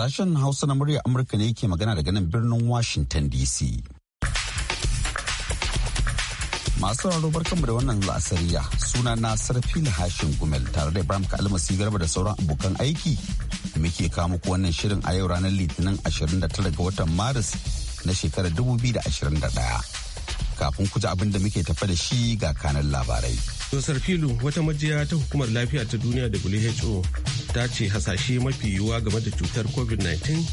Sashen Hausa na murya Amurka ne ke magana daga nan birnin Washington DC. Masu raro barkanmu da wannan la'asariya suna na na Hashin Gumel tare da Ibrahim Kalmasi Garba da sauran abokan aiki. Muke kawo muku wannan shirin a yau ranar Litinin 29 ga watan Maris na shekarar 2021. Kafin kuji abin da muke tafa da shi ga kanan labarai. Dosar filu wata majiya ta hukumar lafiya ta duniya WHO ta ce hasashe mafi yiwuwa game da cutar COVID-19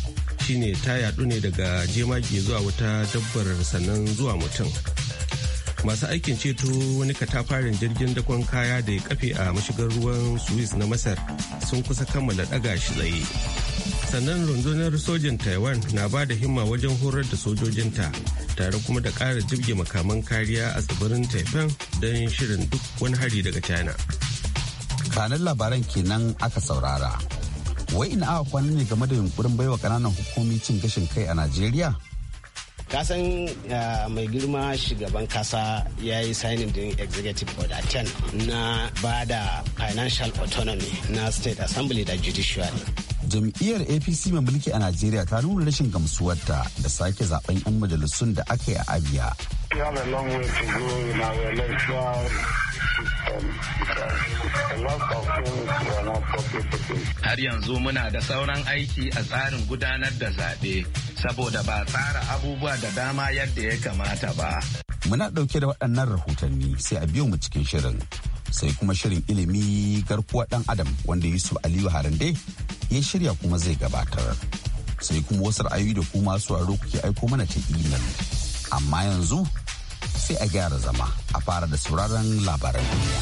shine ta yadu ne daga jemage zuwa wata dabbar sannan zuwa mutum. Masu aikin ceto wani katafarin jirgin dakon kaya da ya kafe a mashigar ruwan Swiss na Masar sun kusa kammala daga shi tsaye. Sannan rundunar sojin Taiwan na ba da himma wajen horar da sojojinta tare kuma da ƙara jibge makaman kariya a tsibirin taifan don shirin duk wani hari daga china kanan labaran kenan aka saurara wai ina aka kwana ne game da yunkurin baiwa ƙananan hukumomi cin gashin kai a najeriya kasan mai girma shugaban kasa ya yi signing din executive order 10 na ba da financial autonomy na state assembly da judiciary jam'iyyar apc mai mulki a najeriya ta nuna rashin gamsuwarta da sake zaben 'yan majalisun da aka yi a abia Har yanzu muna da sauran aiki a tsarin gudanar da zaɓe, saboda ba tsara abubuwa da dama yadda ya kamata ba. Muna ɗauke da waɗannan rahotanni sai a biyo mu cikin shirin. Sai kuma shirin ilimi garkuwa ɗan Adam wanda Yusuf Aliyu Harande ya shirya kuma zai gabatar sai kuma wasu ra'ayoyi da kuma su aro kuke aiko mana ta imel amma yanzu sai a gyara zama a fara da sauraron labaran duniya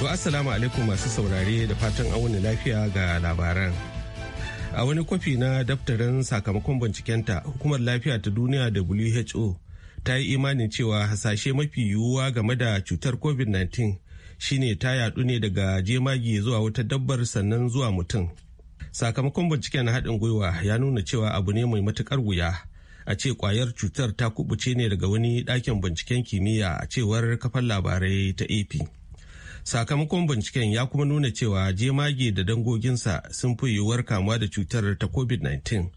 To assalamu alaikum masu saurare da fatan wani lafiya ga labaran. A wani kwafi na daftarin sakamakon bincikenta hukumar lafiya ta duniya WHO ta yi imanin cewa hasashe mafi yiwuwa game da cutar covid-19 shine ta yadu ne daga jemage zuwa wata dabbar sannan zuwa mutum sakamakon binciken haɗin gwiwa ya nuna cewa abu ne mai matukar wuya a ce kwayar cutar ta kubuce ne daga wani ɗakin binciken kimiyya a cewar kafar labarai ta ap sakamakon binciken ya kuma nuna cewa jemage da dangoginsa sun fi yiwuwar kamuwa da cutar ta covid-19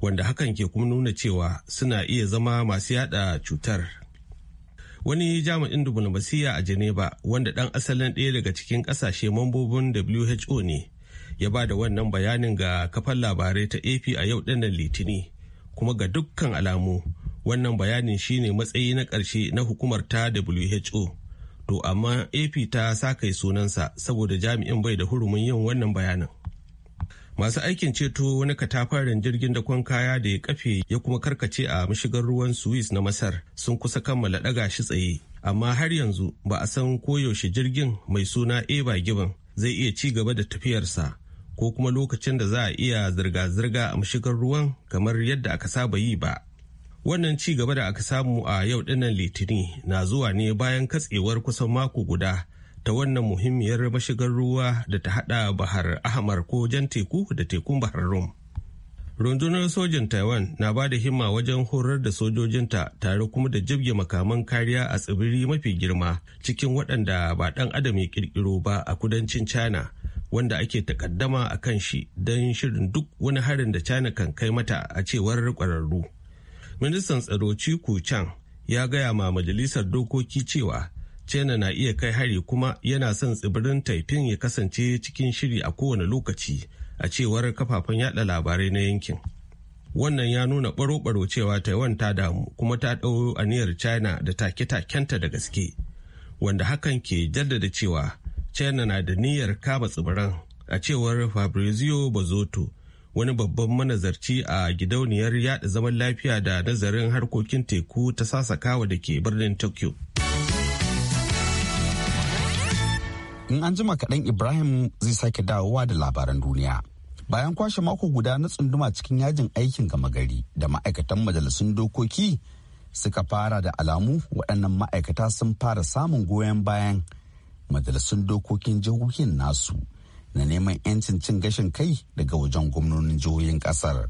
wanda hakan ke kuma nuna cewa suna iya zama masu yada cutar wani jami'in diflomasiyya a geneva wanda ɗan asalin ɗaya daga cikin ƙasashe mambobin who ne ya ba da wannan bayanin ga kafan labarai ta ap a yau ɗinnan litini kuma ga dukkan alamu wannan bayanin shine matsayi na ƙarshe na hukumar ta who to amma ap ta sa kai sunansa saboda jami'in bai da hurumin yin wannan bayanin masu aikin ceto wani katafaren jirgin da kwan kaya da ya kafe ya kuma karkace a mashigar ruwan suwis na masar sun kusa kammala daga shi tsaye amma har yanzu ba a san koyaushe jirgin mai suna eba gibin zai iya ci gaba da tafiyarsa ko kuma lokacin da za a iya zirga-zirga a mashigar ruwan kamar yadda aka saba yi ba wannan ci gaba da aka samu a yau dinnan litini na zuwa ne bayan katsewar kusan mako guda ta wannan muhimmiyar mashigar ruwa da ta hada bahar ahmar ko jan teku da tekun bahar rum rundunar sojin taiwan na ba da himma wajen horar da sojojinta tare kuma da jibge makaman kariya a tsibiri mafi girma cikin waɗanda ba ɗan adam ya ƙirƙiro ba a kudancin china wanda ake takaddama a kan shi don shirin duk wani harin da china kan kai mata a cewar ƙwararru ministan tsaro chiku chang ya gaya ma majalisar dokoki cewa China na iya kai hari kuma yana son tsibirin Taifin ya kasance cikin shiri a kowane lokaci a cewar kafafen yada labarai na yankin. Wannan ya nuna baro-baro cewa Taiwan ta damu kuma ta ɗau aniyar China da take-takenta da gaske, wanda hakan ke jaddada cewa China na da niyyar kama tsibiran a cewar Fabrizio bazoto wani babban manazarci a gidauniyar yada zaman lafiya da nazarin harkokin teku ta sasakawa da ke birnin Tokyo. in an jima kaɗan ibrahim zai sake dawowa da labaran duniya bayan kwashe mako guda na tsunduma cikin yajin aikin gama gari da ma'aikatan majalisun dokoki suka fara da alamu waɗannan ma'aikata sun fara samun goyon bayan majalisun dokokin jihohin nasu na neman 'yancin cin gashin kai daga wajen gwamnonin jihohin ƙasar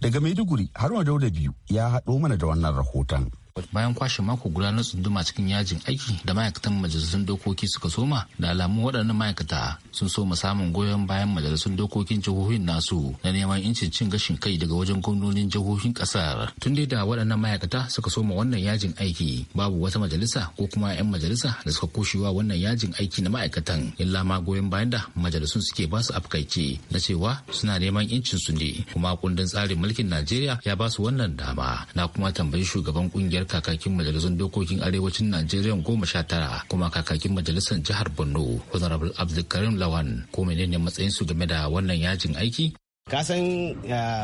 daga maiduguri har da biyu ya haɗo mana da wannan rahoton bayan kwashe mako guda na tsunduma cikin yajin aiki da ma'aikatan majalisun dokoki suka soma da alamun waɗannan ma'aikata sun soma samun goyon bayan majalisun dokokin jihohin nasu na neman incin cin gashin kai daga wajen gwamnonin jihohin ƙasar tun dai da waɗannan ma'aikata suka soma wannan yajin aiki babu wata majalisa ko kuma 'yan majalisa da suka koshewa wannan yajin aiki na ma'aikatan illa ma goyon bayan da majalisun suke ba su afkaice na cewa suna neman incin su ne kuma kundin tsarin mulkin Najeriya ya ba su wannan dama na kuma tambayi shugaban kungiyar kakakin Majalisar dokokin arewacin najeriya goma sha tara kuma kakakin majalisar jihar borno honorable abdulkarim lawan ko menene matsayin su game da wannan yajin aiki kasan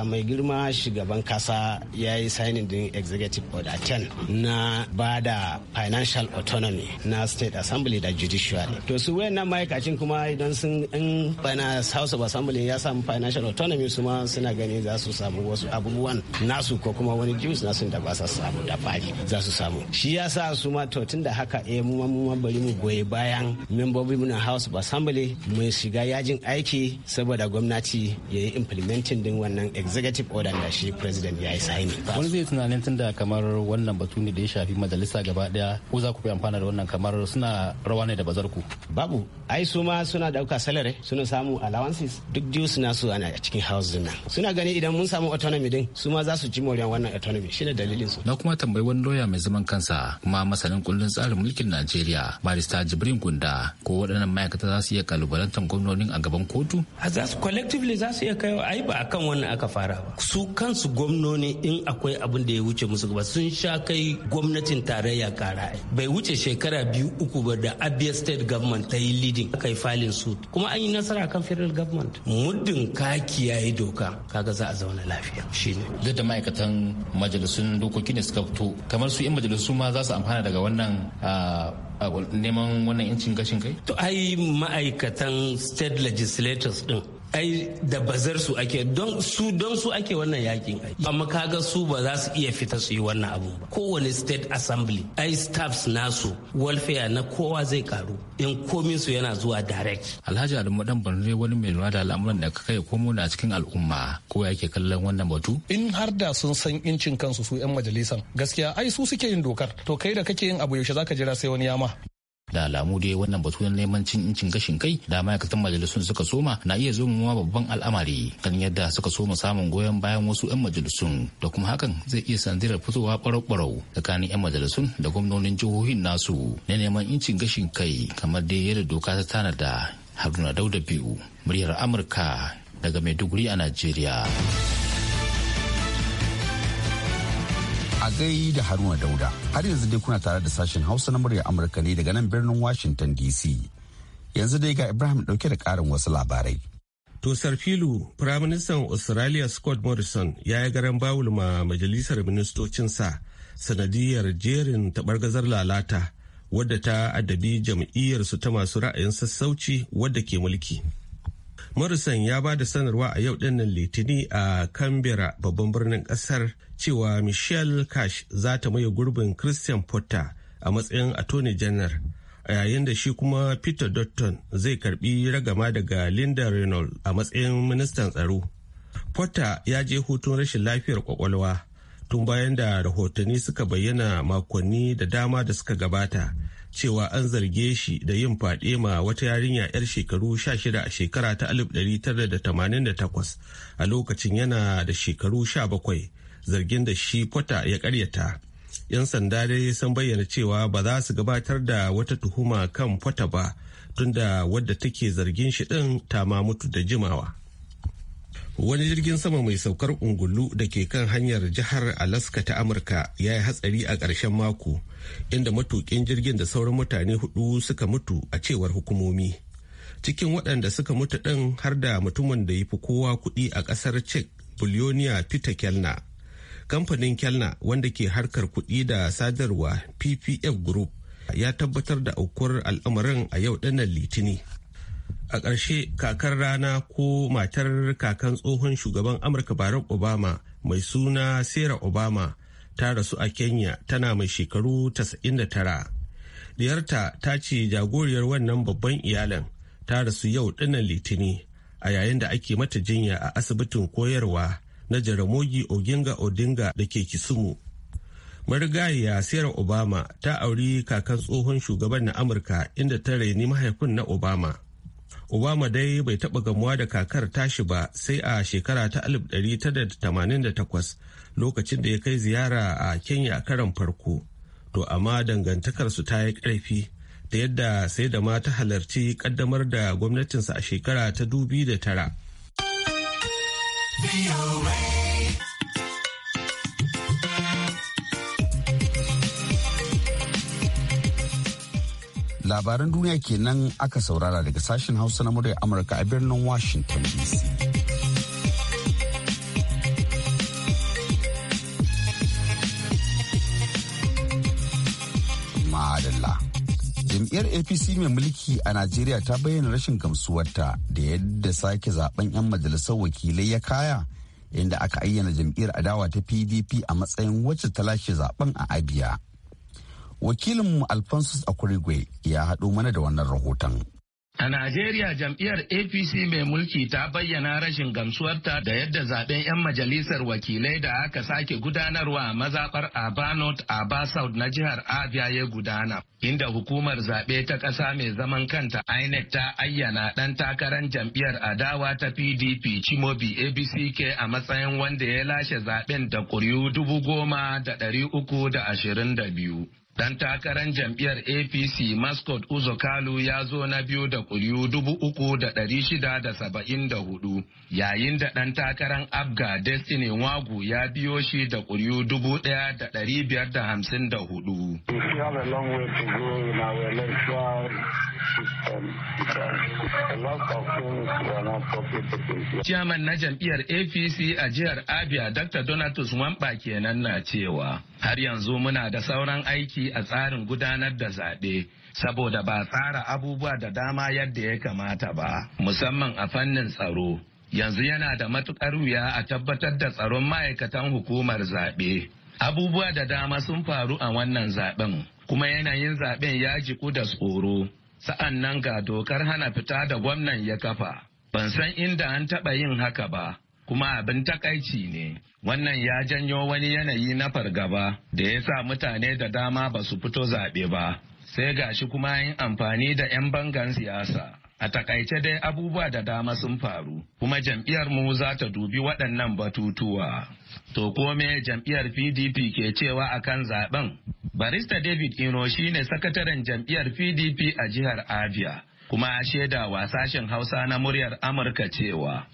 mai girma shugaban kasa ya yi signing din executive order 10 na ba da financial autonomy na state assembly da judiciary to su wayan nan ma'aikacin kuma idan sun in bana house of assembly ya samu financial autonomy su ma suna gani za su samu wasu abubuwan nasu ko kuma wani juice nasu da ba sa samu da fari za su samu shi ya sa su ma to tun da haka eh mu mu bari mu goyi bayan membobi na house of assembly mu shiga yajin aiki saboda gwamnati ya yi implementing din wannan executive order da shi president ya yi saini wani zai tunanin tunda kamar wannan batu ne da ya shafi majalisa gaba daya ko za ku fi amfana da wannan kamar suna rawa ne da bazar ku babu ai su ma suna dauka salary suna samu allowances duk duk suna su ana a cikin house din nan suna gani idan mun samu autonomy din su ma za su ji moriyar wannan autonomy ne dalilin su na kuma tambayi wani doya mai zaman kansa kuma masanin kullun tsarin mulkin Najeriya barista Jibrin Gunda ko waɗannan ma'aikata za su iya kalubalantar gwamnonin a gaban kotu a za su collectively za su iya kai yau ai ba akan wannan aka fara ba su kansu gwamnoni in akwai abin da ya wuce musu ba sun sha kai gwamnatin tarayya kara bai wuce shekara biyu uku ba da abia state government ta yi leading aka yi su. suit kuma an yi nasara kan federal government muddin ka kiyaye doka kaga za a zauna lafiya shine duk da ma'aikatan majalisun dokoki ne suka fito kamar su 'yan majalisu ma za su amfana daga wannan neman wannan 'yancin gashin kai to ai ma'aikatan state legislators din ai da bazar su ake don su don su ake wannan yakin ai amma kaga su ba za su iya fita su yi wannan abu ba kowane state assembly ai staffs nasu welfare na kowa zai karu in komin su yana zuwa direct alhaji adamu dan barne wani mai lura da al'amuran da kai komo na cikin al'umma ko yake kallon wannan batu in har da sun san incin kansu su yan majalisan gaskiya ai su suke yin dokar to kai da kake yin abu yaushe zaka jira sai wani yama da alamu dai wannan batu na neman cin incin gashin kai da ma'aikatan majalisun suka soma na iya zomawa babban al'amari kan yadda suka soma samun goyon bayan wasu 'yan majalisun da kuma hakan zai iya sandirar fitowa barau-barau tsakanin 'yan majalisun da gwamnonin jihohin nasu na neman incin gashin kai kamar dai yadda doka ta tanada haruna dauda biyu muryar amurka daga maiduguri a najeriya A da Haruna Dauda, har yanzu dai kuna tare da sashen Hausa na murya Amurka ne daga nan birnin Washington DC. Yanzu dai ga Ibrahim dauke da karin wasu labarai. Tosar filu, Firaministan Australia Scott Morrison ya yi garan bawul ma majalisar ministocinsa sanadiyar jerin taɓargazar lalata wadda ta addabi jam'iyyarsu ta masu ra'ayin sassauci wadda ke mulki. Morrison ya ba da sanarwa a yau dinnan Litini a Canberra babban birnin kasar cewa Michelle Cash za ta maye gurbin Christian Porter a matsayin Attorney General a yayin da shi kuma Peter Dutton zai karbi ragama daga Linda Reynolds a matsayin ministan tsaro. Porter ya je hutun rashin lafiyar kwakwalwa tun bayan da rahotanni suka bayyana makonni da dama da suka gabata. cewa an zarge shi da yin fade ma wata yarinya 'yar shekaru 16 a shekara ta 1988 a lokacin yana da shekaru 17 zargin da shi kwata ya karyata. 'Yan sanda dai sun bayyana cewa ba za su gabatar da wata tuhuma kan kwata ba tunda wadda take zargin shi ɗin ta ma mutu da jimawa. wani jirgin sama mai saukar ungulu da ke kan hanyar jihar alaska ta amurka ya yi hatsari a ƙarshen mako inda matukin jirgin da sauran mutane hudu suka mutu a cewar hukumomi cikin waɗanda suka mutu ɗin har da mutumin da ya fi kowa kuɗi a ƙasar cek buliyoniya peter kelna kamfanin kelna wanda ke harkar kuɗi da sadarwa ppf group ya tabbatar da aukuwar al'amarin a yau ɗanar litini a ƙarshe kakar rana ko matar kakan tsohon shugaban amurka barack obama mai suna sarah obama ta rasu a kenya tana mai shekaru 99 diyarta ta ce jagoriyar wannan babban iyalin ta rasu yau dinnan litini a yayin da ake mata jinya a asibitin koyarwa na jaramogi oginga odinga da ke kisumu marigayiya sarah obama ta auri kakan tsohon shugaban na amurka inda ta raini mahaifin na obama obama dai bai taɓa gamuwa da kakar tashi ba sai a shekara ta 1988 lokacin da ya kai ziyara a kenya karan farko to amma dangantakarsu ta yi ƙarfi da yadda sai da ma ta halarci ƙaddamar da gwamnatinsa a shekara ta 2009 labaran duniya kenan aka saurara daga sashen hausa na murya amurka a birnin washington dc jam'iyyar apc mai mulki a najeriya ta bayyana rashin gamsuwarta da yadda sake zaben 'yan majalisar wakilai ya kaya inda aka ayyana jam'iyyar adawa ta pdp a matsayin wacce ta lashe zaben a abia wakilinmu alphonsus akurigwe ya haɗo mana da wannan rahoton A Najeriya jam'iyyar APC mai mulki ta bayyana rashin gamsuwarta da yadda zaben 'yan majalisar wakilai da aka sake gudanarwa a mazaɓar Aba North Aba South na jihar Abia ya gudana, inda hukumar zaɓe ta ƙasa mai zaman kanta INEC ta ayyana ɗan takarar jam'iyyar adawa ta PDP Chimobi ABCK a matsayin wanda ya lashe zaɓen da ƙuri'u dubu goma da ɗari uku da ashirin da biyu. Dan takarar jam'iyyar APC Mascot Uzokalu ya zo na biyu da kuriyu dubu uku da ɗari shida da saba'in da hudu, yayin da ɗan takarar Abga Destiny Wagu ya biyo shi da kuriyu dubu ɗaya da ɗari biyar da hamsin da hudu. Ciyaman na jam'iyyar APC a jihar Abia Dr. Donatus Wamba kenan na cewa. har yanzu muna da sauran aiki a tsarin gudanar da zaɓe saboda ba tsara abubuwa da dama yadda ya kamata ba musamman a fannin tsaro yanzu yana da matukar wuya a tabbatar da tsaron ma'aikatan hukumar zaɓe abubuwa da dama sun faru a wannan zaɓen kuma yanayin zaɓen ya jiku da tsoro sa'an nan ga dokar hana fita da gwamnan ya kafa ban san inda an taɓa yin haka ba kuma abin takaici ne wannan ya janyo wani yanayi na fargaba da ya sa mutane da dama ba su fito zaɓe ba sai gashi kuma yin amfani da 'yan bangan siyasa a takaice dai abubuwa da dama sun faru kuma jam'iyyar mu za ta dubi waɗannan batutuwa to kome jam'iyyar pdp ke cewa akan zaɓen. barista david ino shine sakataren jam'iyyar pdp a jihar abia kuma shaida wa sashen Hausa na muryar Amurka cewa.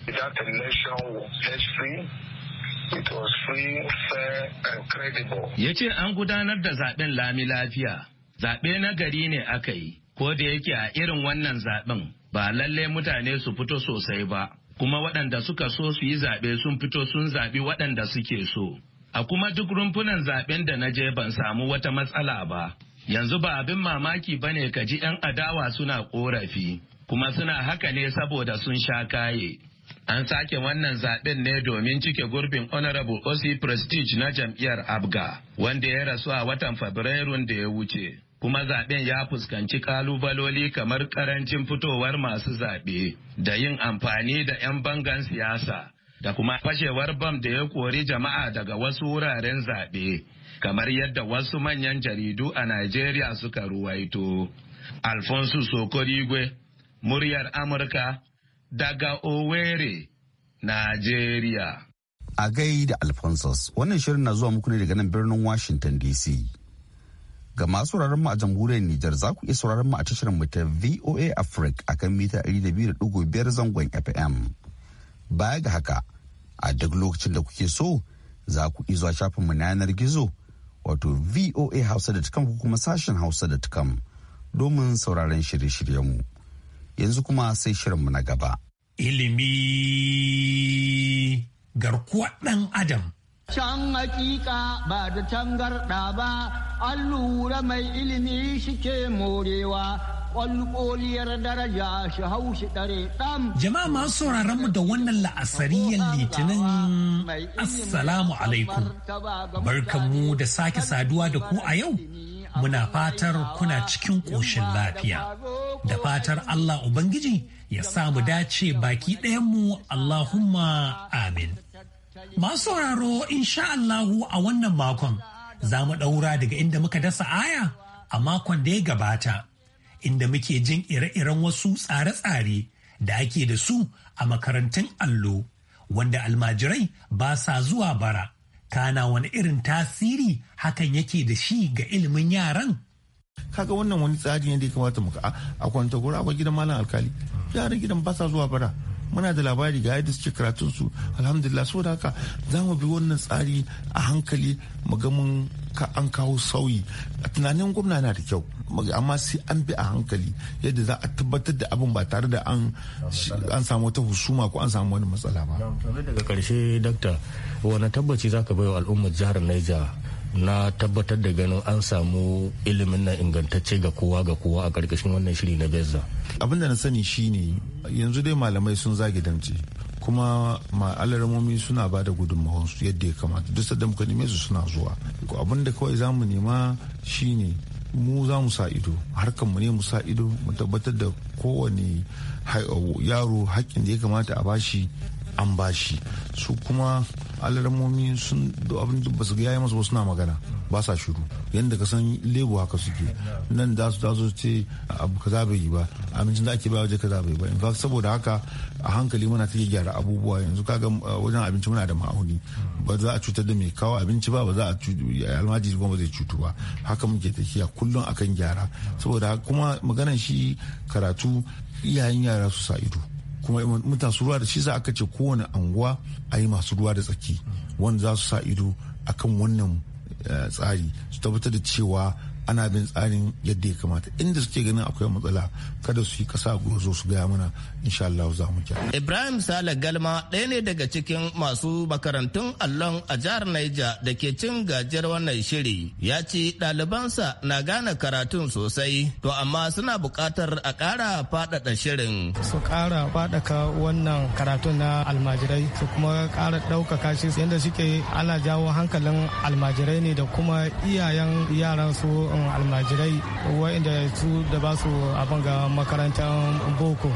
Ya ce an gudanar da zaben lami lafiya, zaɓe na gari ne aka yi, ko da yake a irin wannan zaɓen ba lallai mutane su fito sosai ba, kuma waɗanda suka so su yi zaɓe sun fito sun zaɓi waɗanda suke so. A kuma duk rumfunan zaɓen da na je ban samu wata matsala ba. Yanzu ba abin mamaki ba ne ka ji 'yan adawa suna korafi kuma suna haka ne saboda sun sha kaye. An sake wannan zaɓen ne domin cike gurbin Honorable Osi Prestige na jam'iyyar Abga, wanda ya rasu a watan Fabrairun da ya wuce. Kuma zaɓen ya fuskanci kalubaloli kamar ƙarancin fitowar masu zaɓe da yin amfani da 'yan bangan siyasa da kuma fashewar bam da ya kori jama'a daga wasu wuraren zaɓe. kamar yadda wasu manyan jaridu a Najeriya suka ruwaito. Alfonso Sokorigwe, muryar Amurka, daga Owerri, Najeriya. A gai da Alphonsus, wannan shirin na zuwa muku ne daga nan birnin Washington DC. Ga masu mu a jamhuriyar Nijar za ku iya sauraron mu a tashar mu ta VOA Africa a kan mita 200.5 zangon FM. Baya ga haka, a duk lokacin da kuke so, za ku iya zuwa shafin mu na yanar gizo wato voa Hausa da hausa.com ko kuma sashen hausa tukam domin sauraron shirye-shiryenmu yanzu kuma sai shirinmu na gaba ilimi garkuwar ɗan adam Can hakika ba da garɗa ba, an lura mai ilimi shike morewa Jama'a masu sauraron mu da wannan la'asariyar litinin Assalamu alaikum. Barkanmu da sake saduwa da ku a yau. Muna fatar kuna cikin ƙoshin lafiya. Da fatar Allah Ubangiji ya samu dace baki mu, Allahumma amin. Masu sauraro insha Allahu a wannan makon za mu ɗaura daga inda muka dasa aya a makon da ya gabata. inda muke jin ire-iren wasu tsare-tsare da ake da su a makarantun allo wanda almajirai ba sa zuwa bara kana wani irin tasiri hakan yake da shi ga ilimin yaran kaga wannan wani tsari ne da ya kamata muka a kwanta gura a gidan malam alkali yaran gidan ba sa zuwa bara muna da labari ga yadda suke karatun su alhamdulillah saboda haka za mu bi wannan tsari a hankali mu ga mun ka an kawo sauyi a tunanin gwamna na da kyau amma sai an bi a hankali yadda za a tabbatar da abin ba tare da an samu wata husuma ko an samu wani matsala ba daga karshe dakta wani tabbaci za ka bai wa al'ummar jihar Niger na tabbatar da ganin an samu ilimin na ingantacce ga kowa ga kowa a ƙarƙashin wannan shiri na Beza. abin da na sani shine yanzu dai malamai sun zage damce kuma ma'alaramomi suna ba da gudunmawansu yadda ya kamata duk da muka neme su suna zuwa abin da kawai za mu nema shine mu za mu sa ido harkar mu ne mu sa ido mu tabbatar da kowane yaro hakkin da ya kamata a bashi an bashi su kuma alaramomi sun abin da basu ga yayi masu suna magana ba sa shiru yadda ka san lebo haka suke nan da su tazo ce abu kaza bai yi ba abincin da ake ba waje kaza bai ba in fact saboda haka a hankali muna take gyara abubuwa yanzu kaga uh, wajen abinci muna da ma'auni ba za a cutar da mai kawo abinci ba ba za a almaji ba ba zai cutu ba haka muke tafiya kullum akan gyara saboda kuma maganar shi karatu iyayen yara su sa ido kuma mutasu ruwa da shi za aka ce kowane anguwa a yi masu ruwa da tsaki wanda za su sa ido akan wannan eh, tsari su tabbatar da cewa ana bin tsarin yadda ya kamata inda suke ganin akwai matsala kada su yi kasa gozo su gaya mana insha Allah za mu kira. Ibrahim Sale Galma ɗaya ne daga cikin masu makarantun allon a jihar Niger da ke cin gajiyar wannan shiri ya ce ɗalibansa na gane karatun sosai to amma suna buƙatar a ƙara faɗaɗa shirin. Su ƙara faɗaka wannan karatun na almajirai su kuma ƙara ɗaukaka shi yadda suke ana jawo hankalin almajirai ne da kuma iyayen yaran su almajirai wa'inda su da ba su abin ga makarantar boko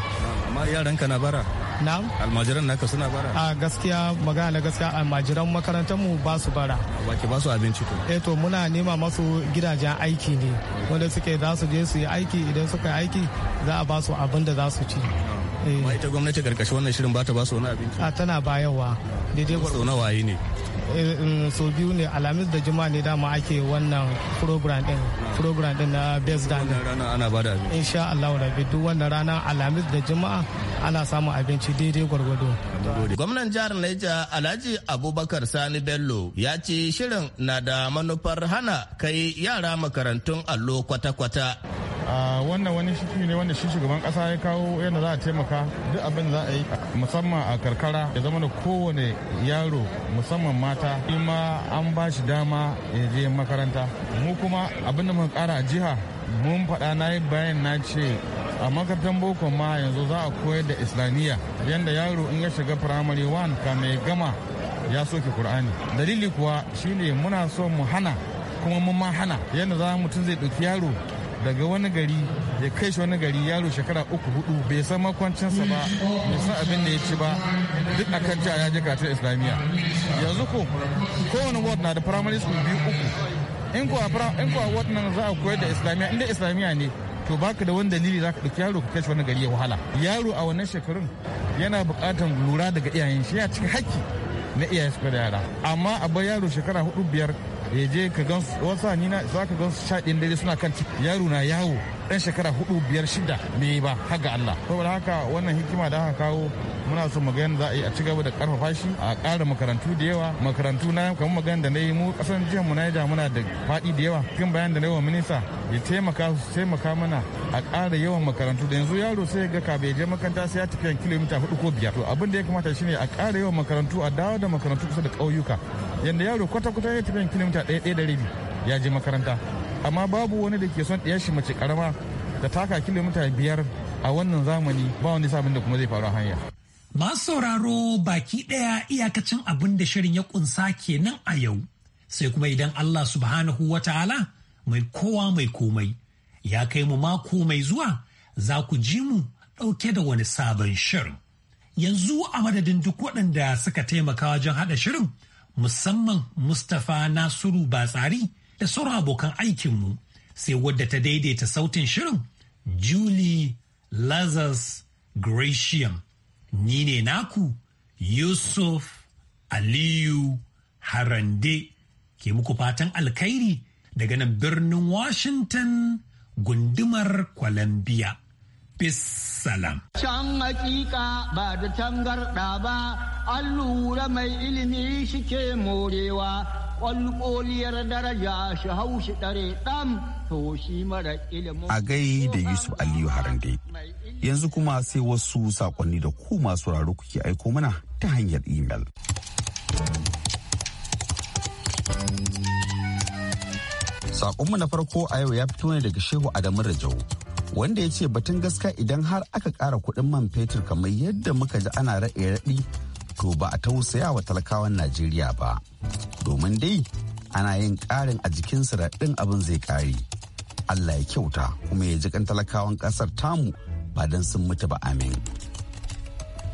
amma ka na bara na almajiran naka suna bara a gaskiya magana na gaskiya almajiran makarantar mu ba su bara ke ba su abinci to eh to muna nema masu gidajen aiki ne wanda suke za su je su yi aiki idan suka yi aiki za a ba su abin da za su ci amma eh. ita gwamnati karkashin wannan shirin ba ta ba su wani abinci a tana bayarwa daidai gwargwado na waye ne eh, so biyu ne alhamis da juma ne dama ake wannan program din ah. program din na best dan rana ana bada abinci insha Allah rabbi duk wannan rana alhamis da juma ana samun abinci daidai gwargwado gwamnan jihar Niger Alhaji Abubakar Sani Bello ya ce shirin na da manufar hana kai yara makarantun allo kwata-kwata wannan wani shiki ne wanda shi shugaban kasa ya kawo yadda za a taimaka duk abin za a yi musamman a karkara ya zama da kowane yaro musamman mata ma an ba shi dama ya je makaranta mu kuma abin da muka kara a jiha mun faɗa na yi bayan na ce a makarantar boko ma yanzu za a koyar da islamiyya yadda yaro in ya shiga firamare wan ka mai gama ya soke kur'ani dalili kuwa shine muna so mu hana kuma mun ma hana yadda za mutum zai ɗauki yaro daga wani gari ya kai shi wani gari yaro shekara uku hudu bai san makwancinsa ba bai san abin da ya ci ba duk a kan ya je karatun islamiyya yanzu ko kowane ward na da primary school biyu uku in ko a ward nan za a koyar da islamiyya inda islamiyya ne to baka da wani dalili za ka ɗauki yaro ka kai shi wani gari ya wahala yaro a wannan shekarun yana buƙatar lura daga iyayen shi ya cika haƙƙi na iyayen su da yara amma a bar yaro shekara hudu biyar ya je ka gan wasu ni na za ka gan su sha ɗin dare suna kan yaro na yawo dan shekara hudu biyar shida ne ba haga Allah saboda haka wannan hikima da aka kawo muna so mu ga za a yi a ci gaba da karfafa shi a ƙara makarantu da yawa makarantu na kamar magana da na yi mu ƙasar jihar mu Niger muna da faɗi da yawa cikin bayan da na yi wa minista ya taimaka su taimaka mana a ƙara yawan makarantu da yanzu yaro sai ya ga ka bai je makaranta sai ya tafi kilomita hudu ko biyar to abin da ya kamata shine a ƙara yawan makarantu a dawo da makarantu kusa da ƙauyuka yanda yaro kwata-kwata ya tafi kilomita ɗaya ɗaya da rabi ya je makaranta amma babu wani da ke son ɗaya shi mace karama da taka kilomita biyar a wannan zamani ba wani sabon da kuma zai faru hanya. Masu sauraro baki ɗaya iyakacin abin da shirin ya kunsa kenan a yau sai kuma idan Allah subhanahu wa ta'ala mai kowa mai komai ya kai mu mako mai zuwa za ku ji mu ɗauke da wani sabon shirin. Yanzu a madadin duk waɗanda suka taimaka wajen haɗa shirin musamman Mustapha Nasiru Batsari da sauran abokan aikinmu sai wadda ta daidaita sautin shirin Julie Lazarus Gratiam. Ni ne naku Yusuf Aliyu Harande ke muku fatan alkhairi daga nan birnin Washington gundumar Columbia. Bis Can hakika ba da tangarda ba, an lura mai ilimi shike morewa ƙwalƙoliyar daraja shi haushi ɗare ɗam to mara ilimin. A gai da Yusuf Aliyu Harande. Yanzu kuma sai wasu sakonni da ku masu raro kuke aiko mana ta hanyar imel. Saƙonmu na farko a yau ya fito ne daga Shehu Adamu Rajau. wanda ya ce batun gaska idan har aka ƙara kuɗin man fetur kamar yadda muka ji ana raɗe-raɗi to ba a tausaya wa talakawan najeriya ba domin dai ana yin ƙarin a jikinsu da ɗin abin zai ƙare allah ya kyauta kuma ya ji talakawan ƙasar tamu ba don sun mutu ba amin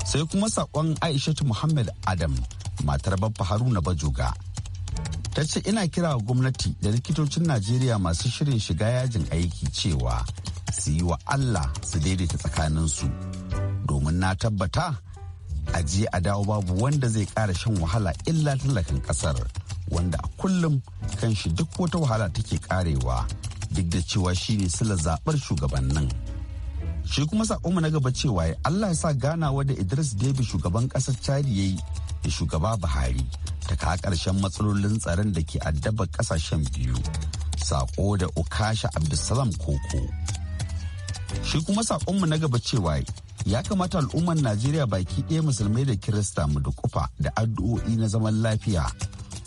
sai kuma saƙon aishatu muhammad adam matar babba haruna bajoga ta ce ina kira wa gwamnati da likitocin najeriya masu shirin shiga yajin aiki cewa su yi wa allah su daidaita tsakaninsu domin na tabbata a je a dawo babu wanda zai kara shan wahala illa talakan kasar. wanda a kullum kan shi duk wata wahala take karewa. duk da cewa shine ne sila zaɓar shugabannin. Shi kuma saƙonmu na gaba cewa ya Allah ya sa ganawa da Idris debi shugaban ƙasar Chadi ya da shugaba Buhari ta kawo ƙarshen matsalolin tsaron da ke addabar ƙasashen biyu. Saƙo da Ukasha Abdulsalam Koko. Shi kuma saƙonmu na gaba cewa ya kamata al'ummar najeriya baki ɗaya musulmai da kirista mu dukufa da addu'o'i na zaman lafiya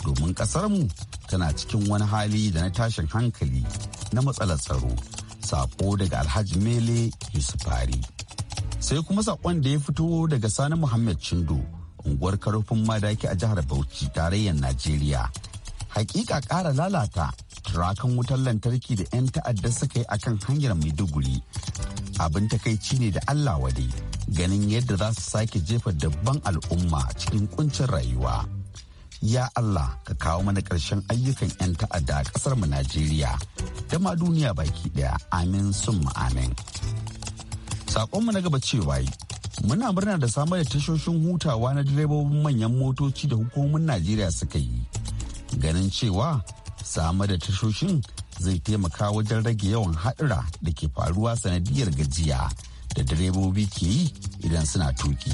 domin mu tana cikin wani hali da na tashin hankali na matsalar tsaro sako daga alhaji mele yusufari sai kuma saƙon da ya fito daga sani muhammad chindo unguwar karfin madaki a jihar bauchi tarayyar najeriya hakika ƙara lalata rakan wutar lantarki da 'yan ta'adda suka yi akan hanyar maiduguri abin takaici ne da allah wade ganin yadda za su sake jefa dabban al'umma cikin kuncin rayuwa ya allah ka kawo mana ƙarshen ayyukan 'yan ta'adda a ƙasar mu najeriya da ma duniya baki ɗaya amin sun amin saƙonmu na gaba cewa muna murna da samar da tashoshin hutawa na direbobin manyan motoci da hukumomin najeriya suka yi ganin cewa samar da tashoshin zai taimaka wajen rage yawan haɗura da ke faruwa sanadiyar gajiya da direbobi ke yi idan suna tuki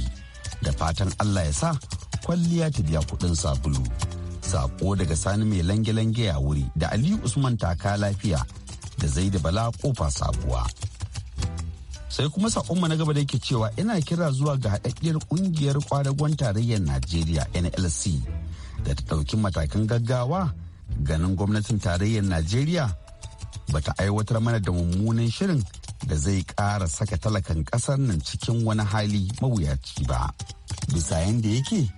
da fatan allah ya sa kwalliya ta biya kuɗin sabulu sako daga sani mai lange-lange ya wuri da aliyu usman taka lafiya da zai da bala kofa sabuwa sai kuma sakonmu na gaba da yake cewa ina kira zuwa ga haɗaɗɗiyar ƙungiyar kwadagon tarayyar najeriya nlc da ta ɗauki matakan gaggawa ganin gwamnatin tarayyar najeriya bata aiwatar mana da mummunan shirin da zai ƙara saka talakan ƙasar nan cikin wani hali mawuyaci ba bisa yadda yake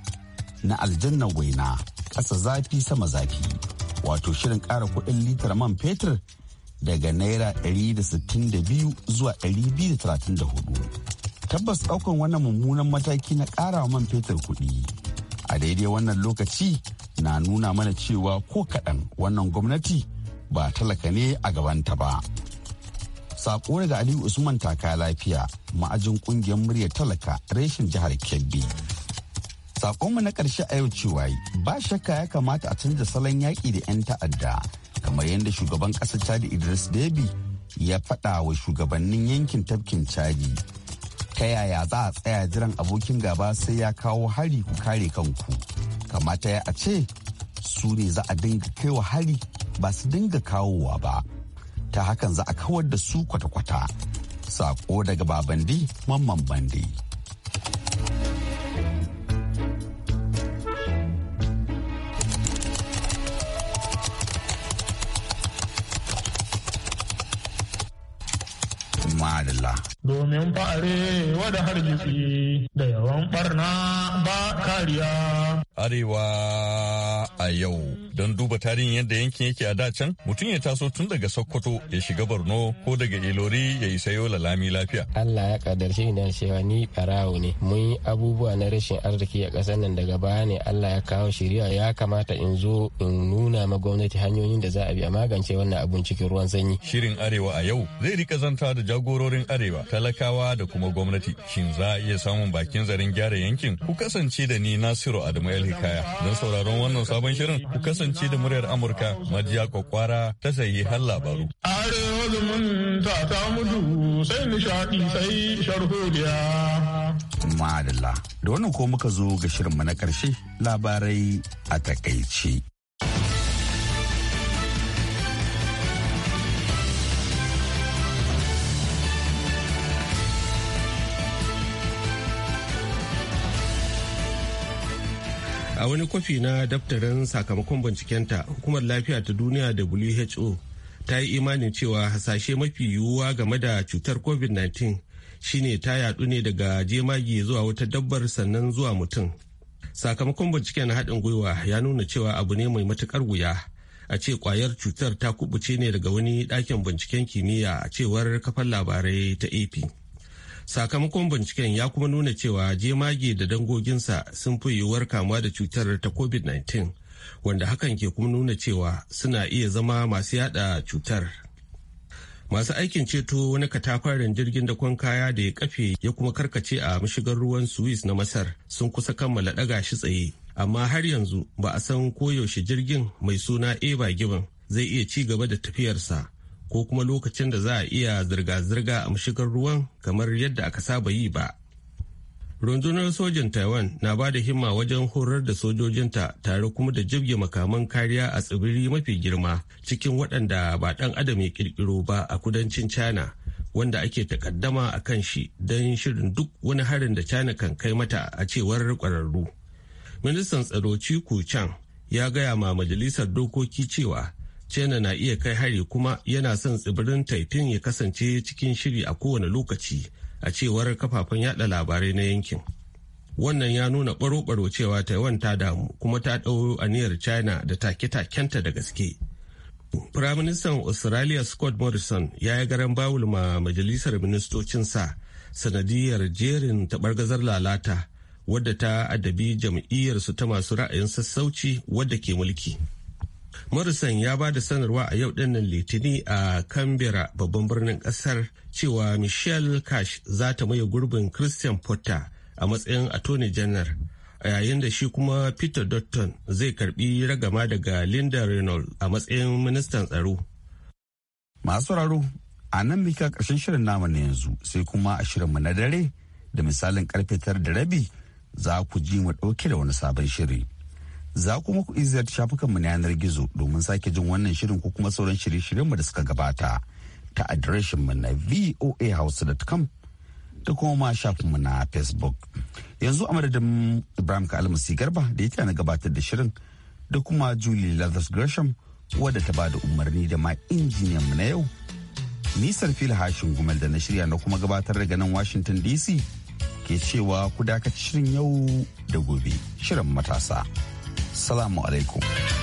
na aljanna waina ƙasa zafi sama zafi wato shirin ƙara kuɗin litar man fetur daga naira 162 zuwa 234 tabbas ɗaukan wannan mummunan mataki na ƙara man fetur kuɗi a daidai wannan lokaci na nuna mana cewa ko kaɗan wannan gwamnati ba talaka ne a gabanta ba. Sako daga Aliyu Usman taka lafiya ma'ajin ƙungiyar murya talaka reshen jihar Kebbi. Sakonmu na ƙarshe a yau cewa ba shakka ya kamata a canza salon yaƙi da 'yan ta'adda kamar yadda shugaban ƙasar Chadi Idris Deby ya faɗa wa shugabannin yankin tafkin Chadi. Ta yaya za a tsaya jiran abokin gaba sai ya kawo hari ku kare kanku. kamata ya a ce su ne za a dinga kaiwa hari ba su dinga kawowa ba ta hakan za a kawar da su kwata-kwata sako daga babandi mamman bandi madalla. Domin fa'are da hargitsi da yawan barna ba kariya. arewa a yau. Don duba tarihin yadda yankin yake a da can mutum ya taso tun daga Sokoto ya shiga Borno ko daga Ilori ya isa yau lalami lafiya. Allah ya kadarci idan cewa ni barawo ne. Mun yi abubuwa na rashin arziki a ƙasar nan daga baya ne Allah ya kawo shiriya ya kamata in zo in nuna ma gwamnati hanyoyin da za a bi a magance wannan abun cikin ruwan sanyi. Shirin Arewa a yau zai rika zanta da jagororin Arewa, talakawa da kuma gwamnati. Shin za a iya samun bakin zarin gyara yankin? Ku kasance da ni Nasiru Adamu El Hikaya don sauraron wannan sabon shirin ku kasance da muryar Amurka majiya kwakwara ta sayi har labaru. Arewa zumunta ta mutu sai nishaɗi sai sharhodiya. Madalla, da wannan ko muka zo ga shirinmu na ƙarshe labarai a takaice. a wani kwafi na daftarin sakamakon bincikenta hukumar lafiya ta duniya who ta yi imanin cewa hasashe mafi yiwuwa game da cutar covid-19 shine ta yadu ne daga jemage zuwa wata dabbar sannan zuwa mutum sakamakon binciken haɗin gwiwa ya nuna cewa abu ne mai matuƙar wuya a ce kwayar cutar ta kubuce ne daga wani ɗakin binciken kimiyya a cewar kafar labarai ta ap sakamakon binciken ya kuma nuna cewa jemage da dangoginsa sun fi yiwuwar kamuwa da cutar ta covid-19 wanda hakan ke kuma nuna cewa suna iya zama masu yada cutar masu aikin ceto wani katafaren jirgin da kwan kaya da ya kafe ya kuma karkace a mashigar ruwan suez na masar sun kusa kammala daga shi tsaye amma har yanzu ba a san koyaushe jirgin mai suna eba gibin zai iya ci gaba da tafiyarsa ko kuma lokacin da za a iya zirga-zirga a mashigar ruwan kamar yadda aka saba yi ba. Rundunar sojin Taiwan na ba da himma wajen horar da sojojinta tare kuma da jibge makaman kariya a tsibiri mafi girma cikin waɗanda ba ɗan adam ya ƙirƙiro ba a kudancin China wanda ake takaddama a kan shi don shirin duk wani harin da China kan kai mata a cewar ƙwararru. Ministan tsaro Chiku Chang ya gaya ma majalisar dokoki cewa china na iya kai hari kuma yana son tsibirin taifin ya kasance cikin shiri a kowane lokaci a cewar kafafen yada labarai na yankin wannan ya nuna baro-baro cewa taiwan ta damu kuma ta ɗau aniyar china da take-takenta da gaske firaministan australia scott morrison ya yi garan bawul ma majalisar ministocinsa sanadiyar jerin taɓargazar lalata wadda ta adabi jam'iyyarsu ta masu ra'ayin sassauci wadda ke mulki Morrison ya ba da sanarwa a yau dinnan litini a Canberra babban birnin kasar cewa Michelle Cash za ta maye gurbin Christian Potter a matsayin Attorney General a yayin da shi kuma Peter Dutton zai karbi ragama daga Linda Reynolds a matsayin ministan tsaro. Masu raro a nan mika karshen shirin namu na yanzu sai kuma a shirin mu na dare da misalin karfe tara da rabi za ku ji mu ɗauke da wani sabon shiri. za kuma ku shafukan shafukanmu na yanar gizo domin sake jin wannan shirin ko kuma sauran shirye-shiryenmu da suka gabata ta adireshinmu na voahouse.com da kuma shafinmu na facebook yanzu a madadin ibrahim kalmasi garba da ya na gabatar da shirin da kuma julie lathers gresham wadda ta da umarni da ma injiniyanmu na yau nisan fil hashin gumel da na shirya na kuma gabatar daga nan washington dc ke cewa ku dakaci shirin yau da gobe shirin matasa. Salamu alaikum.